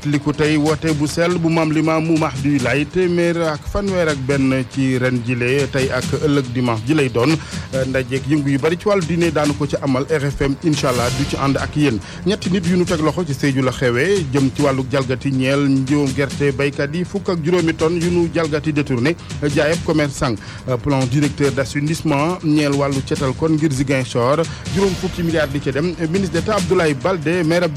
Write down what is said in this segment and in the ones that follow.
li fàttaliku tey woote bu sell bu maam mu Limaamu Mahdi Laay téeméer ak fanweer ak benn ci ren jile tey ak ëllëg dimanche ji lay doon ndajeeg yëngu yu bari ci wàllu diine daanu ko ci amal RFM incha allah du ci ànd ak yéen ñetti nit yu nu teg loxo ci Sédhiou la xewee jëm ci wàllu jalgati ñeel njiwam gerte baykat yi fukk ak juróomi tonnes yu nu jalgati détourné jaayab commerçant plan directeur d'assainissement ñeel wàllu cetal kon ngir Ziguinchor juróom fukki milliards ci dem ministre d'État Abdoulaye Baldé maire ab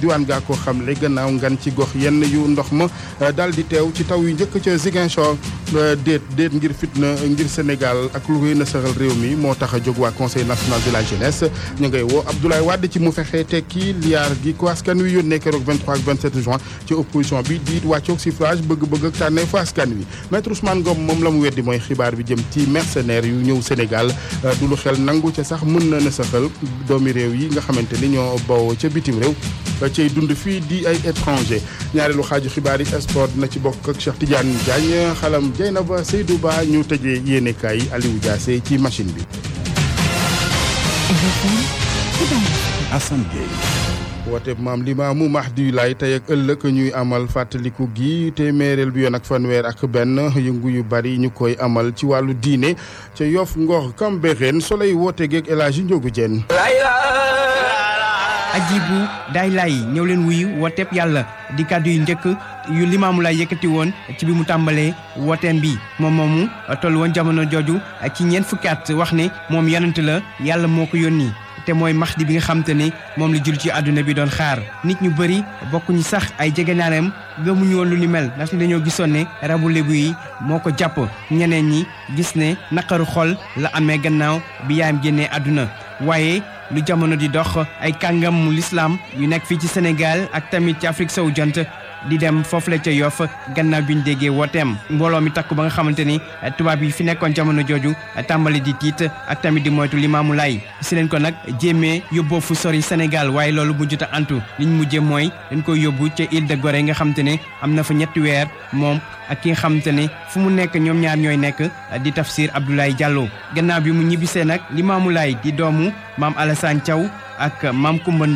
ci gox yenn yenn yu ndox ma euh, daal di teew ci taw yu njëkk ca Ziguinchor euh, déet déet ngir fitna ngir Sénégal ak lu koy nasaxal réew mi moo tax a jóg waa conseil national de la jeunesse ñu ngay woo Abdoulaye Wade ci mu fexe tekki liyaar gi ko askan wi yónnee keroog 23 ak 27 juin ci opposition bi di wàccoog suffrage bëgg-bëgg ak tànnee fa askan wi maître Ousmane Ngom moom la mu weddi mooy xibaar bi jëm ci mercenaires yu ñëw Sénégal euh, du lu xel nangu ca sax mën na nasaxal doomi réew yi nga xamante ni ñoo bawoo ca bitim réew cay dund fii di ay étranger ñaareelu xaaju xibaar yi sport dina ci bokk ak Cheikh Tidiane Diagne xalam Dieynaba Seydou Ba ñu tëjee yéenekaay yi ci machine bi. Assane Gueye. woote maam Limaamu Mahdi lay tey ak ëllëg ñuy amal fàttaliku gi téeméereel bi yoon ak fanweer ak benn yëngu yu bari ñu koy amal ci wàllu diine ca Yoff Ngor Cambérène Soleil woote geeg El Hadji Ndiogou Diène ajibu daay laay ñëw leen wuyu wooteeb yàlla di kàddu yu njëkk yu limaamu lay yëkkati woon ci bi mu tàmbalee wooteem bi moom moomu toll woon jamono jooju ci ñeent fukki at wax ne moom yonent la yàlla moo ko yónni te mooy Mahdi bi nga xam te ne moom la jul ci àdduna bi doon xaar nit ñu bëri bokkuñu sax ay jegenaareem gëmuñu woon lu ni mel ndax dañoo gisoon ne rabu lébu yi moo ko jàpp ñeneen ñi gis ne naqaru xol la amee gannaaw bi yaayam génnee àdduna lu jamono di dox ay kàngam lislaam yu nekk fii ci Sénégal ak tamit ci Afrique sowu jant di dem foofu la ca Yoff gannaaw bi ñu déggee wooteem mbooloo mi takku ba nga xamante ni tubaab yi fi nekkoon jamono jooju tàmbali di tiit ak tamit di moytu Limaamu Laay si leen ko nag jéemee yóbboo fu sori Sénégal waaye loolu bu jot ant antu liñ mujjee mooy dañ koy yóbbu ca Île de nga xamante ne am na fa ñetti weer moom ak ki nga xamante ne fu mu nekk ñoom ñaar ñooy nekk di Tafsir Abdoulaye Diallo gannaaw bi mu ñibbisee nag Limaamu Laay di doomu maam Alassane Thiaw ak maam Coumba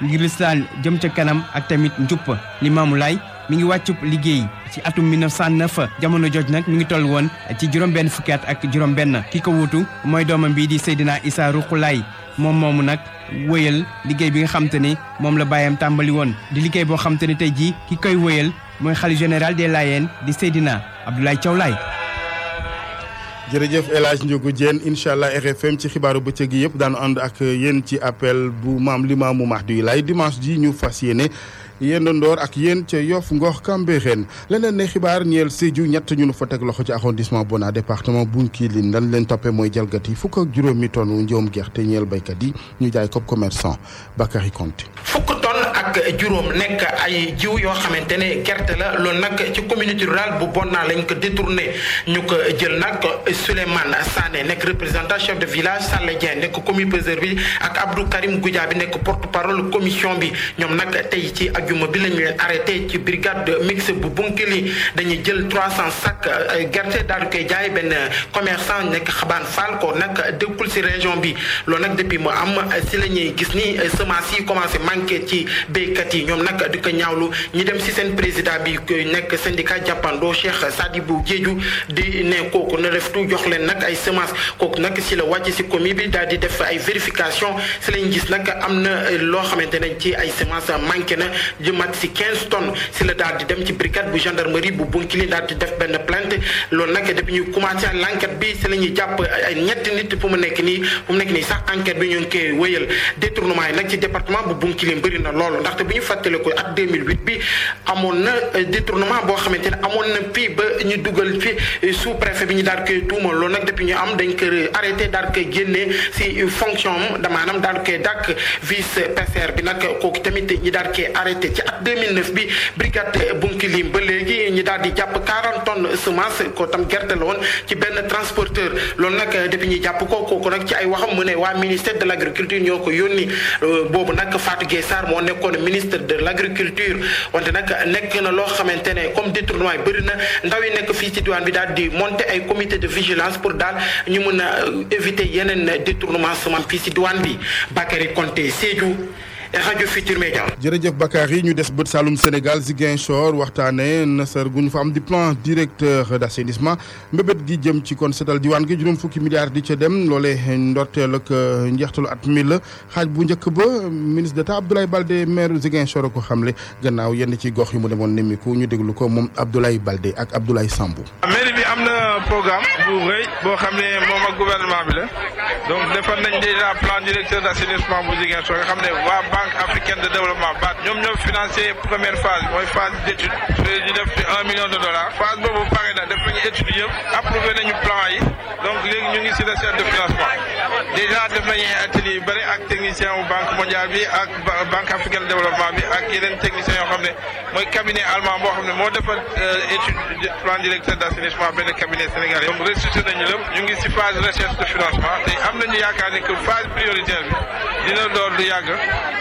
ngir lislaam jëm ca kanam ak tamit njub maamu Laay mi ngi wàcc liggéey ci atum 1909 jamono joj nag mi ngi toll woon ci juróom-benn fukki ak juróom-benn ki ko wuutu mooy doomam bii di Seydina Issa Ruuxu Laay moom moomu nag wëyal liggéey bi nga xam ni moom la bàyyam tàmbali woon di liggéey boo xam te ni tey jii ki koy wëyal mooy xalifa général des layeen di Seydina Abdoulaye Thiaw Laye jërëjëf El Hadj Ndiogou Diène incha allah RFM ci xibaaru bëccëg gi yëpp daanu ànd ak yéen ci appel bu maam Limaamu Mahdi lay dimanche ji ñu fas yéene ndoor ak yéen ca Yoff Ngor Cambérène leneen ne xibaar ñeel Sédhiou ñett ñu nu fa teg loxo ci arrondissement Bona kii Bounkiling lan leen toppee mooy jalgati fukk ak juróomi tonn njóom gerte ñeel béykat yi ñu jaay ko commerçant Bakary Konte ak juróom nekk ay jiw yoo xamante ne gerte la loolu nag ci communauté rurale bu Bonna lañ ko détourné ñu ko jël nag Souleymane Sané nekk représentant chef de village Sall Dieng nekk commissaire bi ak Abdou Karim bi nekk porte parole commission bi ñoom nag tey ci ajuma bi lañ leen arrêté ci brigade mixte bu Bunkili dañuy jël trois cent sacs euh, gerte daal di koy jaay benn commerçant nekk xabaan faal ko nag dëkkul si région bi loolu nag depuis mu am si euh, la gis ni euh, semence yi commencé ci béy liggéeykat yi ñoom nag di ko ñaawlu ñi dem ci seen président bi nekk syndicat jàppandoo Cheikh Sadibou Diédhiou di ne kooku na def tu jox leen nag ay semence kooku nag ci la wàcc ci comité bi daal di def ay vérification ci lañ gis nag am na loo xamante ne ci ay semence manqué na di mat ci quinze tonnes ci la daal di dem ci brigade bu gendarmerie bu Bounkiling daal di def benn plainte loolu nag depuis ñu commencé l'enquête bi ci la ñuy jàpp ay ñetti nit fu mu nekk nii fu mu nekk nii sax enquête bi ñu ngi koy wéyal détournement yi nag ci département bu Bounkiling bëri ndaxte bu ñu fàttaliku at 2008 bi amoon na euh, détournement boo xamante ne amoon na fii ba ñu dugal fi euh, sous préfet bi ñu daal koy tuumal loolu nag depuis ñu am dañ ko arrêté daal koy génnee si fonction am da maanaam daal koy dàkk vice bi nag kooku tamit ñi daal koy arrêté ci at 2009 bi brigade euh, Bunkilim ba léegi ñi daal di jàpp 40 tonnes semence ko tam gerte la ci benn transporteur loolu nag depuis ñu jàpp ko kooku nag ci ay waxam mu ne waa ministère de l' ñoo ko yónni boobu nag Fatou Gueye Sarr moo nekkoon ministre de l'agriculture wante nag nekk na loo xamante ne comme détournement yi bëri na ndaw yi nekk fii ci diwaan bi daal di monter ay commité de vigilance pour daal ñu mën a euh, éviter yeneen détournement semence fii si diwaan bi Bakary Konté Sédhiou jërëjëf Bakar yi ñu des bët Saloum Sénégal Ziguinchor waxtaanee nasar gu ñu fa am di plan directeur d' assainissement gi jëm ci kon setal diwaan gi juróom fukki milliards di ca dem loole ndorteel ak euh, njeextalu at mi la xaaj bu njëkk ba ministre d' état Abdoulaye Balde maire Ziguinchor ko xamle gannaaw yenn ci gox yi mu demoon nemmiku ñu déglu ko moom Abdoulaye Balde ak Abdoulaye Sambou. mairie bi am na programme bu rëy boo xam ne moom ak gouvernement bi la. donc defoon nañ déjà plan directeur d'assainissement bu Ziguinchor nga xam ne waa banque africaine de développement BAD ñoom ñoo financé première phase mooy phase d'étude. ñu def ci un million de dollars phase boobu pare na def nañu étude yëpp approuvé nañu plan yi. donc léegi ñu ngi si la chaîne de financement déjà def nañu ay atelier yu ak technicien wu banque mondiale bi ak banque africaine de développement bi ak yeneen technicien yoo xam ne mooy cabinet allemand boo xam ne moo defal euh, étude plan directeur d' benn cabinet sénégalais. donc restitué nañu lépp ñu ngi si phase recherche de financement te am nañu yaakaar ne que phase prioritaire bi dina door du yàgg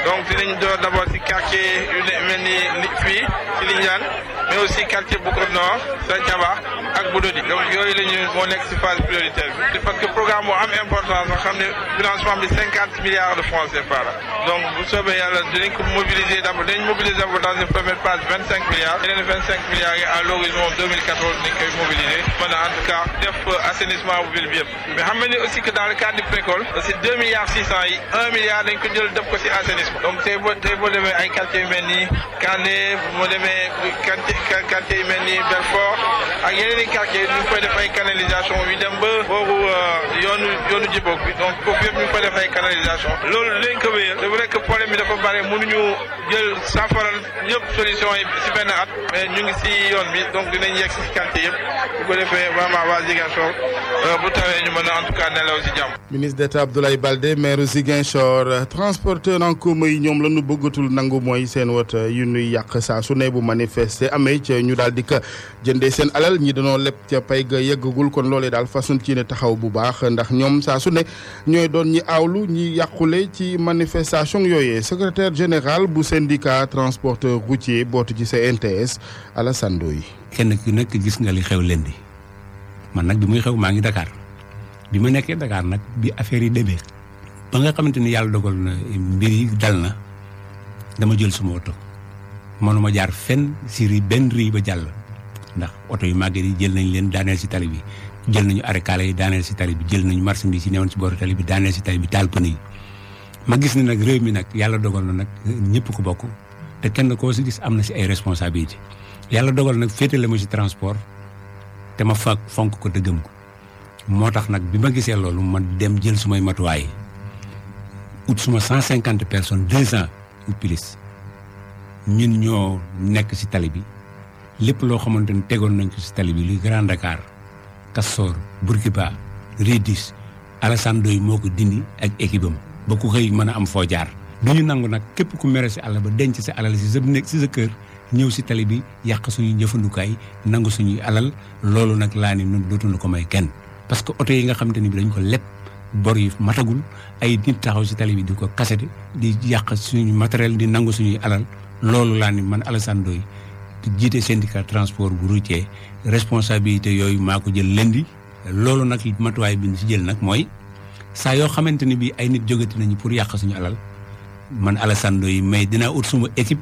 donc dinañ door d' abord si quartier yu mel ni fii ci Lindiane mais aussi quartier Boucotte Nord Sandiaba ak Budodi donc yooyu la ñu moo nekk phase prioritaire bi parce que programme bu am importance nga xam ne financement milliards de francs CFA la donc bu soobee yàlla dinañ ko mobiliser d'abord dinañ mobiliser d'abord dans une première phase vingt cinq milliards yeneen milliards yi à l'horizon deux mille quatorze nañ en tout cas def assainissement bu ville mais xam nga ni aussi que dans le cadre du PRECOL si deux milliard dañ ko jël def ko si assainissement quartier yu mel ni Belfort ak yeneen i quartier ñu ngi koy def ay canalisation yu ba euh, bi donc foofu yëpp ñu ngi koy def ay canalisation loolu dinañ ko wéyal c'est vrai problème dafa bare mënuñu jël saafaral yëpp solution yi si benn at mais ñu ngi si yoon bi donc dinañ yegg si quartier yëpp bu ko defee vraiment waa Ziguinchor euh, bu tawee ñu mën a en tout nelaw si jàmm ministre d'État Abdoulaye Baldé maire Ziguinchor transporteur en commun yi ñoom la ñu bëggatul nangu mooy seen wota yu ñuy may ca ñu daal di ko jëndee seen alal ñi dañoo leb ca pay ga yeggagul kon loolee daal façon ci ne taxaw bu baax ndax ñoom saa su ne ñooy doon ñi aawlu ñi yàqule ci manifestation yooyee secretaire général bu syndicat transporteur routier bootu ci CNTS Alassane Ndoye yi kenn ku nekk gis nga li xew leen di man nag bi muy xew maa ngi dakaar bi ma nekkee Dakar nag bi affaire yi demee ba nga xamante ni yàlla dogal na mbir yi dal na dama jël suma oto mënuma jaar fenn si ri benn rii ba jàll ndax oto yu màgget yi jël nañ leen daaneel si tali bi jël nañu arekaale yi daaneel si tali bi jël nañu marchandise yi newoon si booru tali bi daaneel si tali bi taal pëne ma gis ne nag réew mi nag yàlla dogal na nag ñëpp ko bokk te kenn koo si gis am na si ay responsabilité yàlla dogal nag féetale ma si transport te ma fa fonk ko dëggam ko moo tax nag bi ma gisee loolu ma dem jël sumay matuwaay ut suma cent cinquante personnes deux ans ou ñun ñoo nekk ci tali bi lépp loo xamante ni tegoon nañ ko ci tali bi luy Grand Dakar Castor Bourguiba Rédis Alassane Doye moo ko dindi ak équipe am ba ku xëy mën a am foo jaar. ñu nangu nag képp ku mere ci àll ba denc sa alal ci sa nekk ci sa kër ñëw ci tali bi yàq suñuy jëfandukaay nangu suñuy alal loolu nag laa ni ñun dootuñu ko may kenn. parce que oto yi nga xamante ni bi dañ ko leb bor yi matagul ay nit taxaw ci tali bi di ko kasete di yàq suñu matériel di nangu suñuy alal. loolu laa ni man Alassane Ndoye jiite syndicat transport bu routier responsabilité yooyu maa ko jël lëndi loolu nag matuwaay bi ñu si jël nag mooy saa yoo xamante ne bii ay nit jógati nañu pour yàq suñu alal man Alassane yi may dinaa ut suma équipe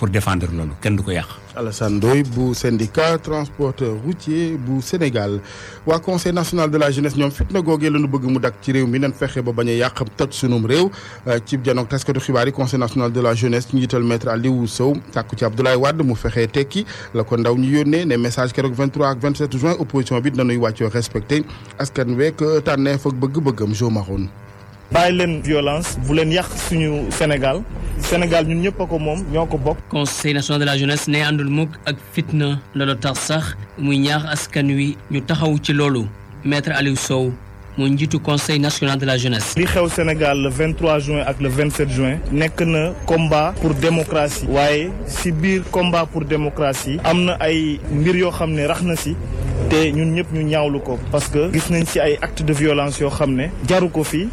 pour défendre loolu kenn du ko yàq. Alassane Ndoye bu syndicat transporteur routier bu Sénégal waa conseil national de la jeunesse ñoom fitna googee la bëgg mu dak ci réew mi nan fexe ba bañ yàq toj sunum réew euh, ci janoog taskatu xibaar yi conseil national de la jeunesse ci njiital maître Aliou Sow sàkku ci Abdoulaye Wade mu fexee tekki la ko ndaw ñu yónnee ne message keroog 23 ak 27 juin opposition bi dinañuy wàccoo respecté askan week tànneef ak bëgg-bëggam Jo Maroon bàyyi leen violence bu leen yàq suñu Sénégal Sénégal ñun ñëpp a ko moom ñoo ko bokk. conseil national de la jeunesse ne àndul mukk ak fitna loolu tax sax muy ñaax askan wi ñu taxaw ci loolu metre Aliou Sow. mu njiitu conseil national de la jeunesse. li xew Sénégal le juin ak le 27 juin. nekk na combat pour démocratie. waaye si biir combat pour démocratie. am na ay mbir yoo xam ne rax na si te ñun ñëpp ñu ñaawlu ko parce que gis nañ si ay actes de violence yoo xam ne jaru ko fii.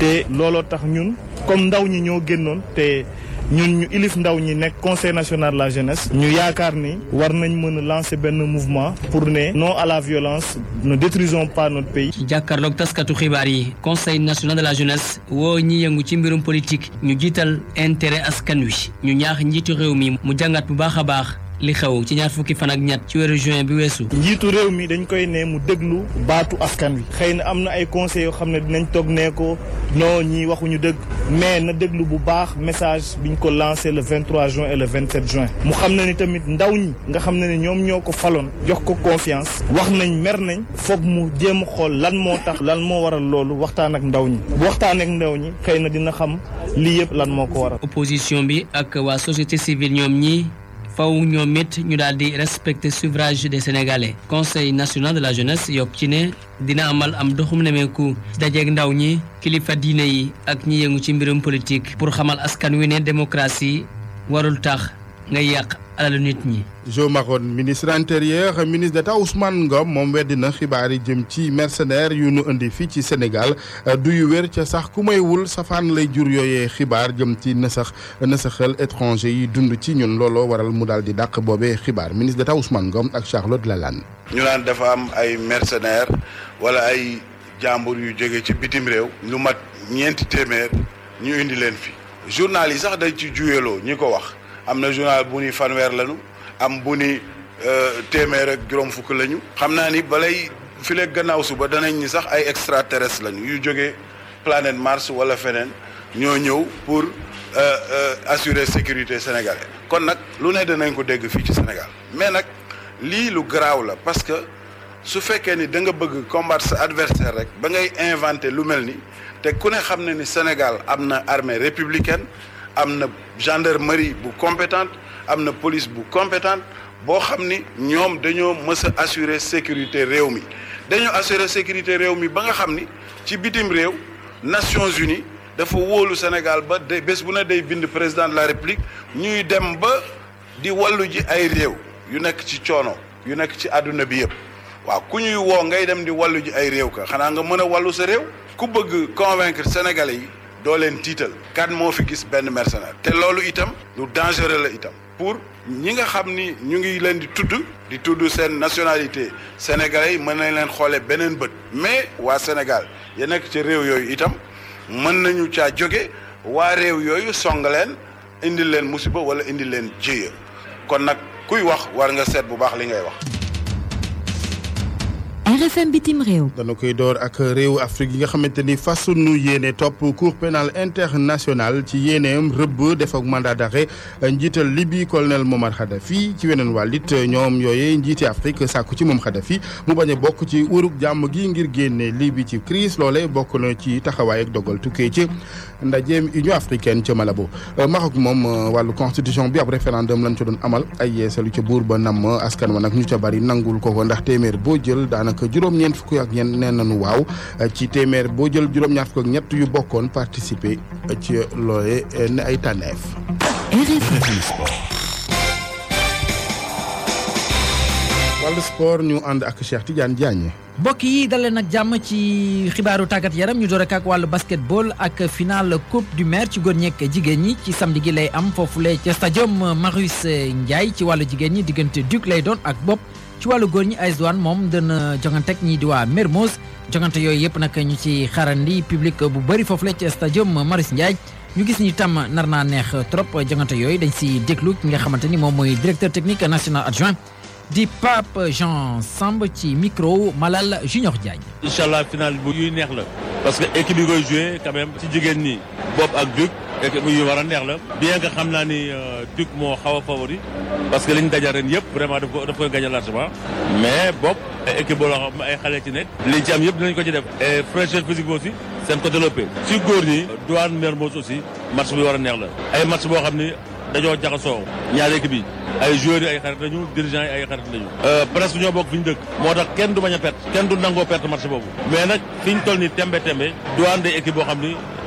te looloo tax ñun comme ndaw ñi ñoo génnoon te ñun ñu ilif ndaw ñi nekk conseil national de la jeunesse ñu yaakaar ni war nañ mën a lancer benn mouvement pour ne non à la violence ne détruisons pas notre pays. jàkkaarloog taskatu xibaar yi conseil national de la jeunesse woo ñi yëngu ci mbirum politique ñu jiital intéret askan wi ñu ñaax njiitu réew mi mu jàngat bu baax a baax. li xew ci ñaar fukki fan ak ñett ci weeru juin bi weesu. njiitu réew mi dañ koy nee mu déglu baatu askan wi xëy na am na ay conseils yoo xam ne dinañ toog nee ko non ñii waxuñu dëgg mais na déglu bu baax message biñ ko lancé le 23 juin et le 27 juin mu xam na ni tamit ndaw ñi nga xam ne ne ñoom ñoo ko faloon jox ko confiance wax nañ mer nañ foog mu jéem xool lan moo tax lan moo waral loolu waxtaan ak ndaw ñi waxtaan ak ndaw ñi xëy na dina xam lii yëpp lan moo ko waral. opposition bi ak waa société civile ñoom faw ñoom it ñu daal di respecter suffrage des sénégalais conseil national de la jeunesse yokk ci ne dina amal am doxum nemeeku dajeeg ndaw ñi kilifa diine yi ak ñi yëngu ci mbirum politique pour xamal askan wi ne démocratie warul tax ngay yàq alalu nit ñi. Jo Maron ministre intérieur ministre d'État Ousmane Ngom moom weddi na xibaar yi jëm ci mercenaires yu nu indi fii ci Sénégal du yu wér ca sax ku may wul safaan lay jur yooye xibaar jëm ci nasax nasaxal étranger yi dund ci ñun looloo waral mu daal di dàq boobee xibaar ministre d'État Ousmane Ngom ak Charlotte Lalane. ñu naan dafa am ay mercenaires wala ay jàmbur yu jege ci bitim réew. ñu mat ñeenti téeméer ñu indi leen fi. journal yi sax dañ ci juyeloo ñi ko wax. am na journal bu ni fanweer lañu am bu ni euh, téeméer ak juróom fukk lañu. xam naa ni balay fileeg gannaaw suba danañ ni sax ay extraterrestre lañu yu jógee planète Mars wala feneen ñoo ñëw pour euh, euh, assurer sécurité sénégalais kon nag lu ne danañ ko dégg fii ci Sénégal mais nag lii lu garaaw la parce que. su fekkee ni da nga bëgg combattre sa adversaire rek ba ngay inventé lu mel ni te ku ne xam na ni Sénégal am na armée républicaine am na gendarmerie bu compétente am na police bu compétente boo xam ni ñoom dañoo mës a assurer sécurité réew mi dañoo assurer sécurité réew mi ba nga xam ni ci bitim réew Nations Unies dafa wóolu Sénégal ba de bés bu na day bind président de la République ñuy dem ba di wàllu ji ay réew yu nekk ci coono yu nekk ci àdduna bi yëpp waaw ku ñuy woo ngay dem di wàllu ji ay réew ka xanaa nga mën a wàllu sa réew ku bëgg convaincre sénégalais yi doo leen tiital kan moo fi gis benn mercenaire te loolu itam lu dangereux la itam pour ñi nga xam ni ñu ngi leen di tudd di tudd seen nationalité sénégalais yi mën nañ leen xoolee beneen bët mais waa Sénégal ya nekk ci réew yooyu itam mën nañu caa jóge waa réew yooyu song leen indil leen musiba wala indi leen jéya kon nag kuy wax war nga seet bu baax li ngay wax RFM bitim réew. dana koy door ak réew Afrique yi nga xamante ni fasunu yéene topp cour pénal international ci yéeneem rëbb def ak mandat d'arrêt njiital Libye colonel Momar Kadhafi ci weneen wàll ñoom yooyee njiiti Afrique sàkku ci moom fi mu bañ bokk ci urug jàmm gi ngir génne Libye ci crise loole bokk na ci taxawaay ak dogal tukkee ci ndajeem Union africaine ca Malabo Maroc moom euh, wàllu constitution bi ab référendum lañ ca doon amal ay yeesalu ca buur ba namm askan wa nag ñu ca bari nangul ko ko ndax téeméer boo jël daanaka juróom fukk ak ñeent nee nañu waaw ci téeméer boo jël juróom ñett yu bokkoon participer ci loolee eh, ne ay tànneef. ñu ànd ak Cheikh Tidiane Diagne. mbokk yi dalee nag jàmm ci xibaaru tàggat yaram ñu door ak wàllu basketball ak finale coupe du maire ci góor ñekk jigéen ñi ci samedi lay am foofu foofule ca stadium Marius njaay ci wàllu jigéen ñi diggante Duc lay doon ak bopp. ci wàllu góor ñi AS Douanes moom dënn euh, jongante ak ñii di waa Mermoz jongante yooyu yëpp nag ñu ci xarandi public bu bëri foofu la ci stadium Marius Ndiaye ñu gis ni tam nar naa neex trop jongante yooyu dañ si déglu ki nga xamante ni moom mooy directeur technique national adjoint di Pape Jean Samb ci micro Malal Junior Diagne. incha allah final bu yuy neex la. parce que équipe yi koy joué quand ci jigéen ñi. bopp ak jug. équipe yu war a neex la bien que xam naa ni euh, Duc moo xaw a favori parce que liñ dajal ren yëpp vraiment daf ko daf koy gagné largement mais bopp équipe boo xam ay xale ci nekk liñ ci am yëpp dinañ ko ci a et physique bi aussi seen ko développé si góor ñi Douane Mermoz aussi match bi war a neex la ay match boo xam ni dañoo jaxasoo ñaari équipe yi ay joueurs yi ay xarit lañu dirigeants yi ay xarit lañu euh, presque ñoo bokk fi ñu dëkk moo tax kenn du bañ a perte kenn du nangoo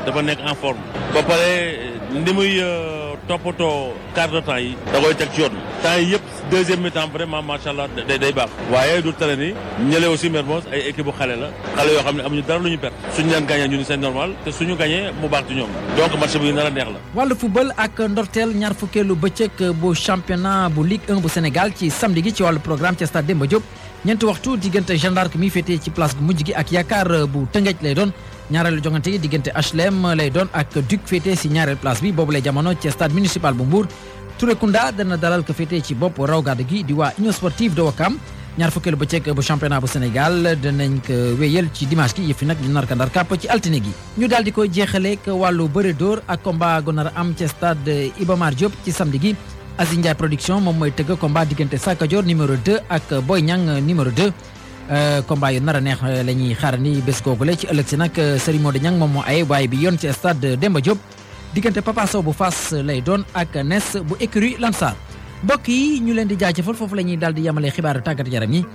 dafa nekk en forme. ba pare ni muy euh, toppatoo quart de temps yi. da koy teg ci yoon. temps yi yëpp deuxième mi-temps vraiment macha allah day day baax. waaye du tere ni ñële aussi Mermoz ay équipe bu xale la. xale yoo xam ne am amuñu dara lu ñu perte. suñu leen gagné ñu ni seen normal te suñu gagné mu baax ci ñoom. donc match bi nar a neex la. wàllu football ak ndorteel ñaar fukkeelu bëccëg bu championnat bu Ligue 1 bu Sénégal ci samedi gi ci wàllu programme ci stade Demba Diop ñeenti waxtu diggante gendarme mi féetee ci place mujj gi ak yaakaar bu Tëngéej lay doon. ñaareelu jongante yi diggante HLM lay doon ak Duc féete si ñaareel place bi boobu lay jamono ci stade municipal bu Mbour Touré Kounda dana dalal ko féete ci bopp raw gàddu gi di waa Union Sportive de Ouakam ñaar fukkeelu bëccëg bu championnat bu Sénégal danañ ko wéyal ci dimanche gi yëf nag ñu nar ko ndar kàpp ci altine gi ñu daal di koy jeexaleek wàllu bëre dóor ak combat gu nar am ci stade Iba Mar ci samedi gi Aziz Ndiaye production moom mooy tëgg combat diggante Sakadior numéro 2 ak Boy Niang numéro 2 Euh, combat yu a neex euh, la ñuy xaar ni bés googule ci ëllëg si nag euh, Serigne Modou Niang moom moo bi yoon ci stade Demba Diop diggante Papa bu Fass lay doon ak Nes bu écurie Lansar mbokk yi ñu leen di jaajëfal foofu la ñuy daal di yemale xibaaru tàggat yaram yi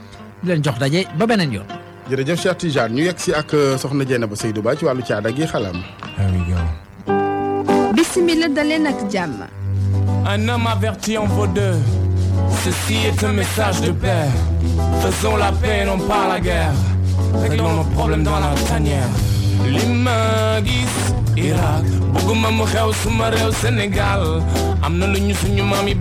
di leen jox daje ba beneen yoon. jërëjëf Cheikh Tidiane ñu yegg si ak soxna Dieynaba Seydou Ba ci wàllu caada gi xalam. bisimilah daleen la jàmm. un homme averti en vaut deux. Ceci est un message de paix. Faisons la paix, non pas la guerre. Réglons nos problèmes dans la tanière. Lima gis Irak bëgguma mu xew suma Sénégal am na lu ñu suñu maam yi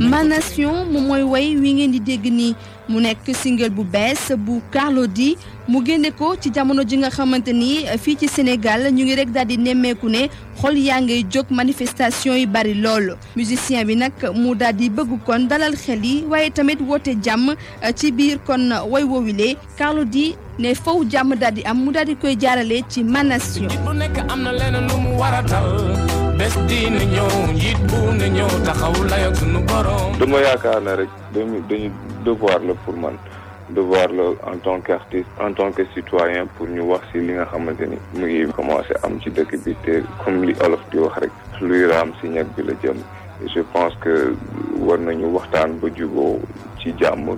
Ma nation moom mooy way wi ngeen mu nekk single bu bees bu Carlou di mu génne ko ci jamono ji nga xamante ni fii ci Sénégal ñu ngi rek daal di nemmeeku ne xol yaa ngay jóg manifestation yi bari lool. musicien bi nag mu daal di bëgg kon dalal xel yi waaye tamit woote jàmm euh, ci biir kon woy woowile Carlou D ne faw jàmm daal di am mu daal di koy jaarale ci manation. bu am na leneen dama yaakaar ne rek dañu dañu devoir la pour man devoir la en tant qu'artiste en tant que citoyen pour ñu wax ci li nga xamante ni mu ngi commencé am ci dëkk bi te comme li olof di wax rek luy raam ci ñag bi la jëm je pense que war nañu waxtaan ba juboo ci jàmm.